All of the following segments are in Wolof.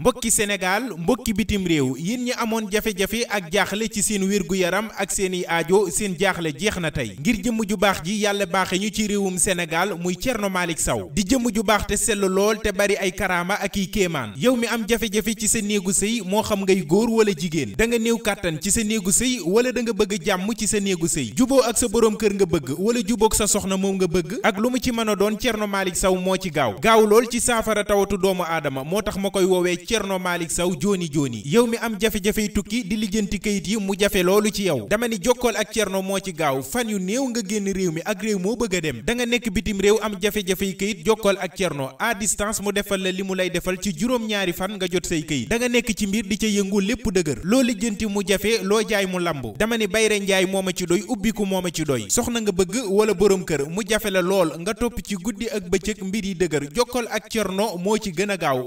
mbokki Sénégal mbokki bitim réew yéen ñi amoon jafe-jafe ak jaaxle ci seen wér-gu-yaram ak seeni aajo seen jaaxle jeex na tey ngir jëmm ju baax ji yàlla baaxe ñu ci réewum Sénégal muy Thierno Malick Sow di jëmm ju baax te sell lool te bari ay karaama ak i kéemaan yow mi am jafe-jafe ci sa néegu sëy moo xam ngay góor wala jigéen da nga néew kàttan ci sa néegu sëy wala da nga bëgg jàmm ci sa néegu sëy juboo ak sa boroom kër nga bëgg wala jubóog sa soxna moom nga bëgg ak lu mu ci mën a doon Thierno Malick Sow moo ci gaaw gaaw ci saafara tawatu doomu aadama moo tax ma koy woowee Thierno Malick Sow jooni jooni yow mi am jafe-jafey tukki di lijjanti kayit yi mu jafe loolu ci yow dama ni jokkool ak Thierno moo ci gaaw fan yu néew nga génn réew mi ak moo bëgg dem da nga nekk bitim réew am jafe kayit jokkool ak Thierno à distance mu defal la li mu lay defal ci juróom-ñaari fan nga jot say kayit da nga nekk ci mbir di ca yëngu lépp dëgër loo lijjanti mu jafe loo jaay mu lamb dama ni bayre njaay moo ma ci doy ubbiku moo ma ci doy soxna nga bëgg wala boroom kër mu jafe la lool nga topp ci guddi ak bëccëg mbir yi dëgër jokkool ak Thierno moo ci gën a gaaw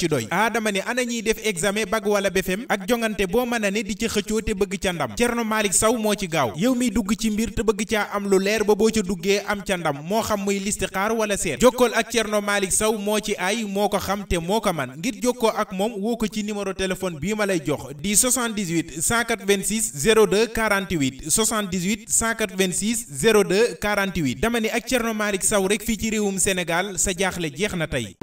ci doy aadama ah, ne ana ñiy def examen bac wala BFEM ak jongante boo mën a ne di ca xëccoo te bëgg ca ndam Cerno Saw moo ci gaaw yow mi dugg ci mbir te bëgg caa am lu leer ba boo ca duggee am ca ndam moo xam muy listixaar wala seet jokkool ak Cerno Malick Saw moo ci ay moo ko xam te moo ko man ngir jokkoo ak moom woo ko ci numéro téléphone bii ma lay jox di 78 186 02 48 78 186 02 48 dama ne ak Cerno Malick Saw rek fii ci réewum Sénégal sa jaaxle jeex na tey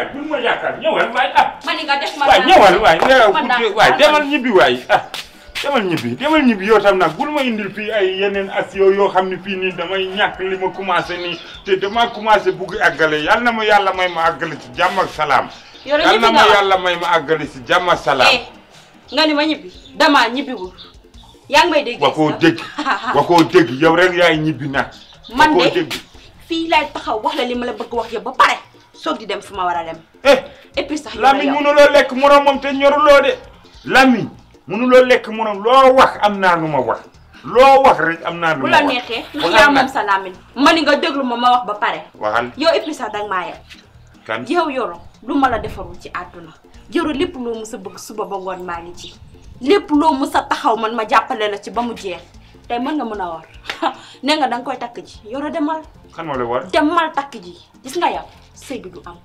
waay bu ma yaakaar ñëwal waay ah. ma ni nga def ma waay ñëwal waay. ma daan waay demal ñibbi waay ah. demal ñibbi demal ñibbi yow tam nag bul ma indil fii ay yeneen as yoo xam ne fii nii damay ñàkk li ma commencé nii te damaa commencé bugg àggale yal na ma yàlla may ma àggale ci jàmm ak salaam. yal na ma yàlla may ma àggale ci jàmm ak salaam. Eh, ma ñibbi damaa ñibbiwul. yaa ngi may dégg wa koo dégg wa rek yaay ñibbi nag. fii laay taxaw wax la li ma la bëgg wax yëpp ba pare. soog di dem fu ma war a dem. Eh, et puis sax Lamine mënuloo lekk moromam te loo de. Lamine mënuloo lekk moroom loo wax am naa nu ma wax. loo wax rek am naa lu ma wax bu la neexee ndax yaa moom sa Lamine. ma ni nga déglu ma ma wax ba pare. waxal yow et sax danga maa yow yoro lu ma la defarul ci àdduna. yoro lépp loo mu a bëgg suba ba ngoon maa ci. lépp loo mu a taxaw man ma jàppale la ci ba mu jeex. tey mën nga mën a war nee nga danga koy takk ji yoro demal. kan moo lay war demal takk ji gis nga yow sëy bi du am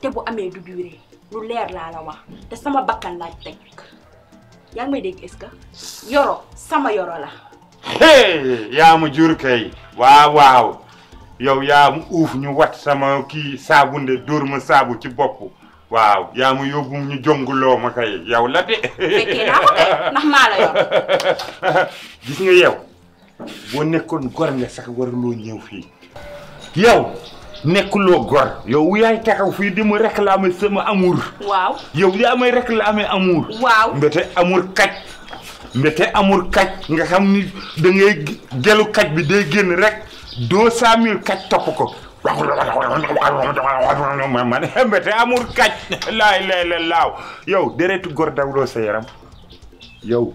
te bu amee du duré lu leer laa la wax te sama bakkan laaj teg yaa may dégg est yoro sama yoro la. yaa ma jur kay waaw waaw yow yaa mu uuf ñu wat sama kii saabu nde dóor ma saabu ci bopp. waaw yaa mu yóbbu ñu jongloo ma kay yow la de. fekkee naa ko kay ndax maa la gis nga yow boo nekkoon gor nga sax waruloo ñëw fii yow nekkuloo gor. yow yaay taxaw fii di mu réclamer sama amour. waaw yow yaa may réclamer amour. waaw mbete amour kaj mbete amour kaj nga xam ni da gelu kaj bi day génn rek deux cent mille kaj topp ko. man mbete amul kaj laay lay la laaw yow deretu góor dawloo sa yaram yow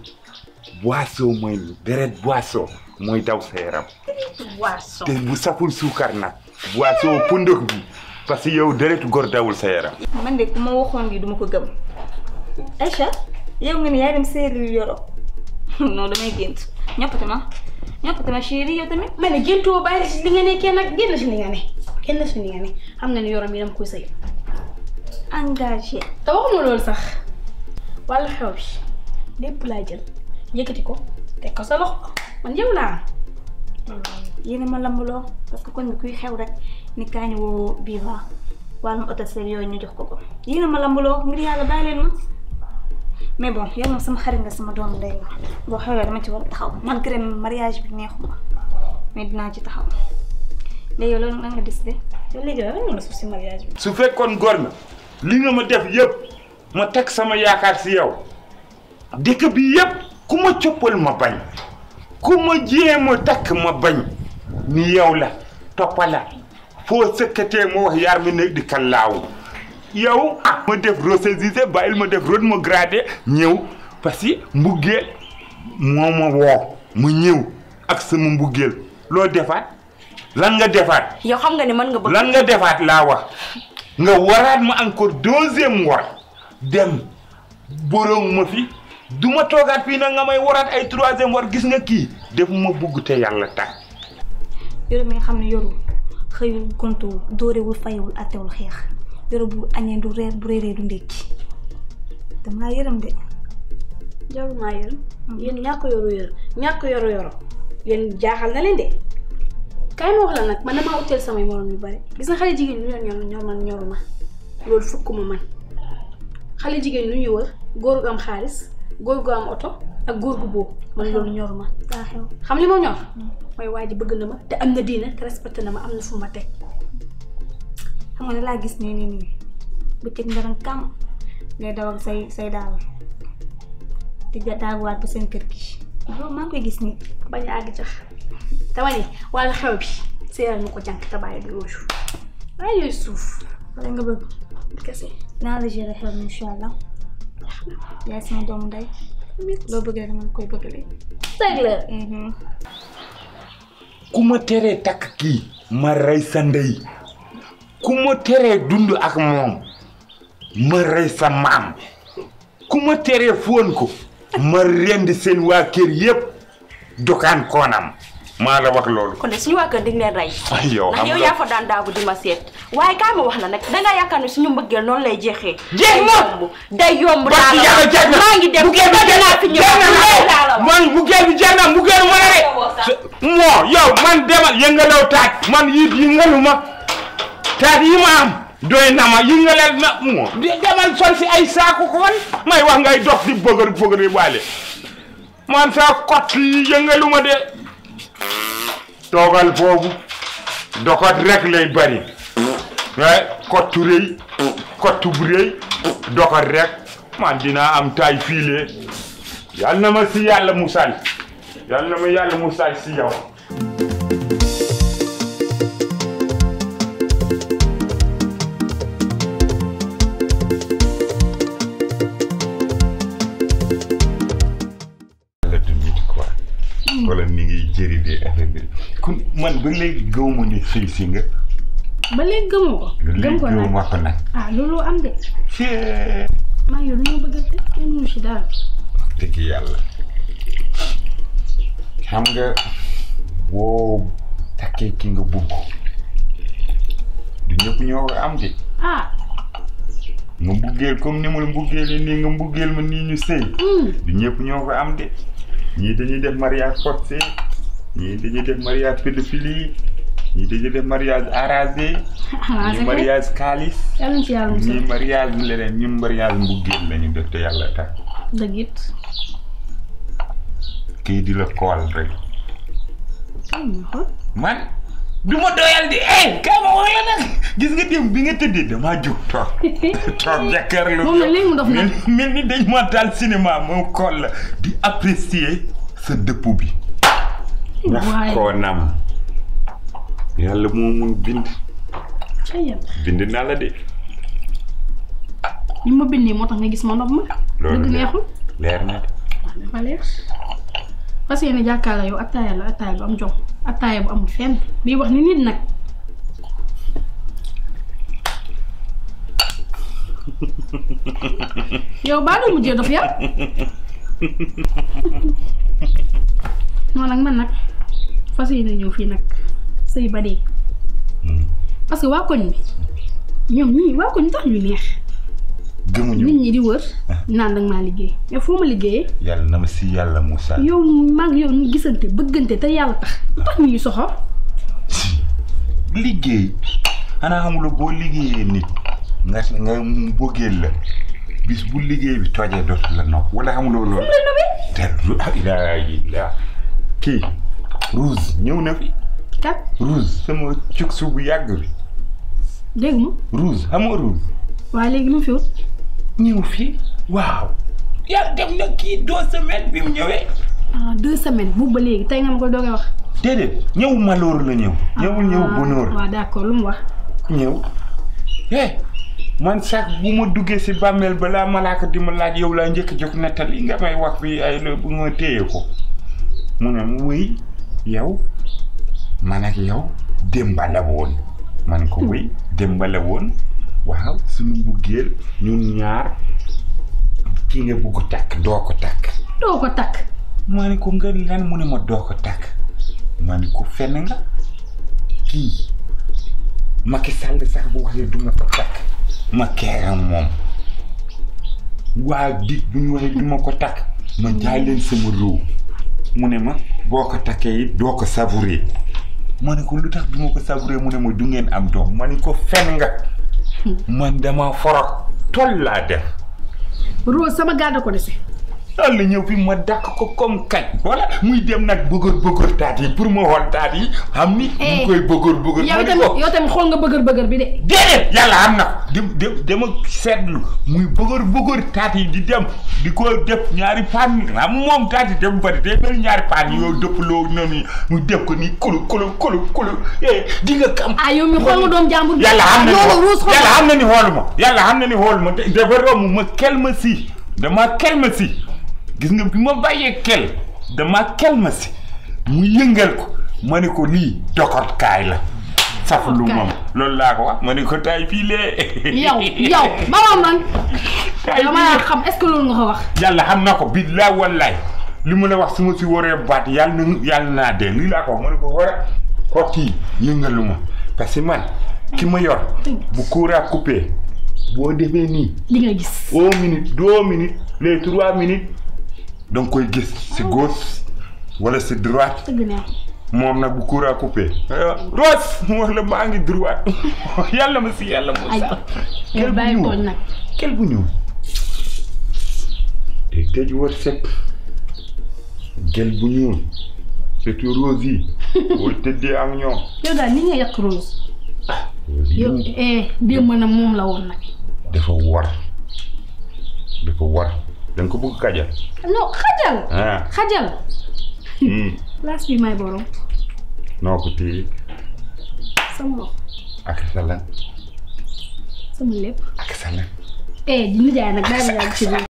boisson mooy deret boisson mooy daw sa yaram te bu saful suukar nag boisson punduk bi parce que yow deretu góor dawul sa yaram man de ku ma waxoon duma ko gëm Aïcha yow nga ne yaay dem séeréer yoro non damay gént ñoppati ma ñoppati ma chéri yow ma ne géntoo bàyyi li nga nekkee nag génn si li nga kenn suñu nga ne xam nga ne yorom yi dama koy sëy engagé te waxuma loolu sax wàllu xew bi lépp laa jël yëkkati ko teg ko sa loxo man yow laa yéen ma lambaloo parce que kon kuy xew rek ni kaa ñu woo bii ba wàllum oto seen yooyu ñu jox ko ko yéen ma lambaloo ngir yàlla bàyyi leen ma mais bon yow moom sama xarit nga sama doom ndey la boo xewee ma ci war a taxaw malgré mariage bi neexuma mais dinaa ci taxaw mais yow loolu nga décidé. yow su fekkoon góor mi li nga ma def yëpp ma teg sama yaakaar si yow dëkk bi yëpp ku ma coppal ma bañ ku ma jéem ma takk ma bañ ni yow la toppala foo sëkkatee ma wax yaar mi nekk di kallaawu yow ah ma def resaisissé bàyyil ma def rôle ma gradé ñëw parce que mbuggeel moo ma woo ma ñëw ak sama mbuggeel loo defaat. lan nga defaat. yow xam nga ne man nga bëgg. lan nga defaat laa wax nga waraat ma encore deuxième war dem boroom fi du ma toogaat fii nag nga may waraat ay troisième war gis nga kii def ma bugg te yàlla tax. yore mi nga xam ne yorul xëyul gontuwul dóorewul fayewul attewul xeex yore bu añee du reer bu reeree du ndékki dama yërëm de. jarul yërëm. Mm-hmm. yéen ñàkk yoru yor ñàkk yoro yéen jaaxal na leen de. kaay ma wax la nag man damaa uteel samay morom yu bari gis na xale jigéen ñu ñoo ñor ñor man ñoru ma loolu fukk ma man xale jigéen lu ñuy wax góor gu am xaalis góor gu am oto ak góor gu boobu man loolu ñor ma xam li ma ñor hmm. mooy waa ji bëgg na ma te am na diina te respecté na ma am na fu ma teg xam nga laa gis ne nii nii bëccëg ndaran kam ngay daw ak say say daawal di daaguwaat ba seen kër gi waaw koy gis nii bañ a jax dama ne xew bi seeral ma ko jànk te bàyyi du yooyu yooyu suuf wala nga bëgg naa la gérer xew mi incha allah yaay sama doomu ndey bëggee dama koy bëggalee mm-hmm. ku ma teree takk kii ma rey sa ndey ku ma teree dund ak moom ma rey sa maam ku ma teree fóon ko ma rendi seen waa kër yëpp dukaan koonam maa la wax loolu. kon de suñu waa kër di nga leen rey. yow xam nga yow yaa fa daan daagu di ma seet waaye kaa ma wax la nag dangaa yaakaar ne suñu mbëggeel noonu lay jeexee. jeex na day yomb daal la maa ngi dem bu gee bi dinaa fi ñëw man bu gee bi jeex na ma rek. moo yow man demal yëngalaw taat man yi yëngalu ma taat yi ma am. doy na ma yëngalal na mo demal sol si ay saako ko may wax ngay dox di bëgër bëgëri waale man saa kot yëngalu ma de toogal foofu dokot rek lay bari waaye kottu rëy kottu bu rëy dokot rek man dinaa am taay fiile yal na ma si yàlla musal yal na ma yàlla musal si yow ba léegi gëw ma ni sëy si nga. ba léegi gëmoo ko. gëm ko nag ah loolu am de. fii. maa ngi lu ma bëgg a def kenn mu si daal. dëgg yàlla xam nga woo takkee ki nga bugg du ñëpp ñoo ko am de. ah. nga mbuggeel comme ni ma la mbuggeelee nii nga mbuggeel ma nii ñu sëy. Hmm. du ñëpp ñoo ko am de ñii dañuy def mariage forcé. ñii dañuy def mariage pédophile ñii dañuy def mariage arrasé. ñii mariage kaalis. ñii mariage leneen ñun mariage mbuggeel lañu def te yàlla tax. di la kool rek. man du doyal di eh kay ma nag gis nga dem bi nga tëddee damaa jóg toog toog jàkkaarloo. moom mel ni dañ ma taal cinéma moom kool la di apprécier sa dëpp bi. ndax koo nam yàlla moo mun bind bind naa la de ni ma bindee moo tax nga gis ma nopp ma dëgg neexul leer na de dafa leer fas yéene jàkkaarloo yow attaaya la attaaya bu am jom attaaya bu amul fenn bii wax ni nit nag yow baa doo mujjee dof ya noonu nag man nag fas yéene ñëw fii nag sëy ba dee hmm. parce que waa koñ bi ñoom ñii waa koñ tax ñu neex gëmuñu nit ñi di wër ah. naan nag maa liggéey mais foo ma liggéeyee yàlla na ma si yàlla Moussa yow maa yow ñu gisante bëggante te yàlla tax lu tax ñuy soxor liggéey xanaa xamuloo boo liggéeyee la bis bu liggéey bi tojee te lu ah ilaa ilaa kii Rouge ñëw na fi. kat Rouge sama cuksu bu yàgg bi. dégg mu Rouge xam nga Rouge. waaw léegi nu mu fi ñëw waaw. yàlla dem na kii deux semaines bi mu ñëwee. ah deux bu ba léegi tey nga ma ko doogee wax. déedéet ñëw malheur la ñëw. ñëwul ah, ñëw bonheur. waaw d'accord lu mu wax. ñëw. eh man sax bu ma duggee si bàmmeel balaa malaaka di ma laaj yow laa njëkk a jóg nettali nga may wax bi ay la bu ma téye ko mu ne muy. yow man ak yow démba man ko wuy démba woon waaw suñu buggeel ñun ñaar ki nga bugg takk doo ko takk doo ko takk ma ko nga lan mu ne ma doo ko takk ma ne ko fenn nga kii Macky Sall sax bu waxee duma ko takk ma keeram moom waa dit bu ñu waxee duma ko takk ma jaay leen sama réew mu ne ma boo ko takkee it doo ko savourer ma ne ko lu tax du ma ko savourer mu ne ma du ngeen am doom ma ne ko fen nga hmm. man dama forog toll laa dem Rose sama gàdda ko dese. daal la ñëw fi ma dàq ko comme kañ. voilà muy dem nag bëgër bëgër taat yi pour ma xool taat yi xam ni. mu eh, koy bëgër bëgër. yow tamit nga bëgër bëgër bi de. yàlla am na di di dama seetlu muy bëgër bëgër yi di dem di ko def ñaari paan yi moom taat yi dem bari day mel ñaari paan yi yow dëpp loo noonu mu def ko nii kulu kulu kulu kulu eh, di nga kam. Ah, yow mi xool nga doom jàmbur. yàlla am na ni yàlla am na ni xooluma yàlla am na ni xooluma dafa romb ma kel ma si dama kel ma si gis nga bi ma bàyyee kel dama kel ma si mu yëngal ko ma ne ko lii dokotkaay la saf lu moom loolu laa ko wax ma ne ko tay fii lee yow yow bawam man dama laa xam est nga ko wax yàlla xam na ko billaay wallaay li ma la wax su ma si waree baat yàlla na yàlla naa dee lii laa ko wax ma ne ko war a kooki yëngalu ma parce que man ki ma yor bu courant coupé boo defee nii li nga gis au minute deux minutes les trois minutes danga koy gis si gauche wala si droite moom nag bu cour à couper Rose wala maa ngi droite yàlla ma si yàlla ma sax kel bu ñuul kel bu ñuul te tëj war set gel bu ñuul surtout Rose yi wala tëddee ak ñoom yow daal ni nga yàq Rose ah, yow eh démb na moom la woon nag dafa war dafa war da nga ko bëgg xajal. non xajal. Ah. Hmm. bi may borom. noo ko téye. sama loxo. ak sa lan. sama lépp. ak sa lan. eh di nijaay nag daal di ci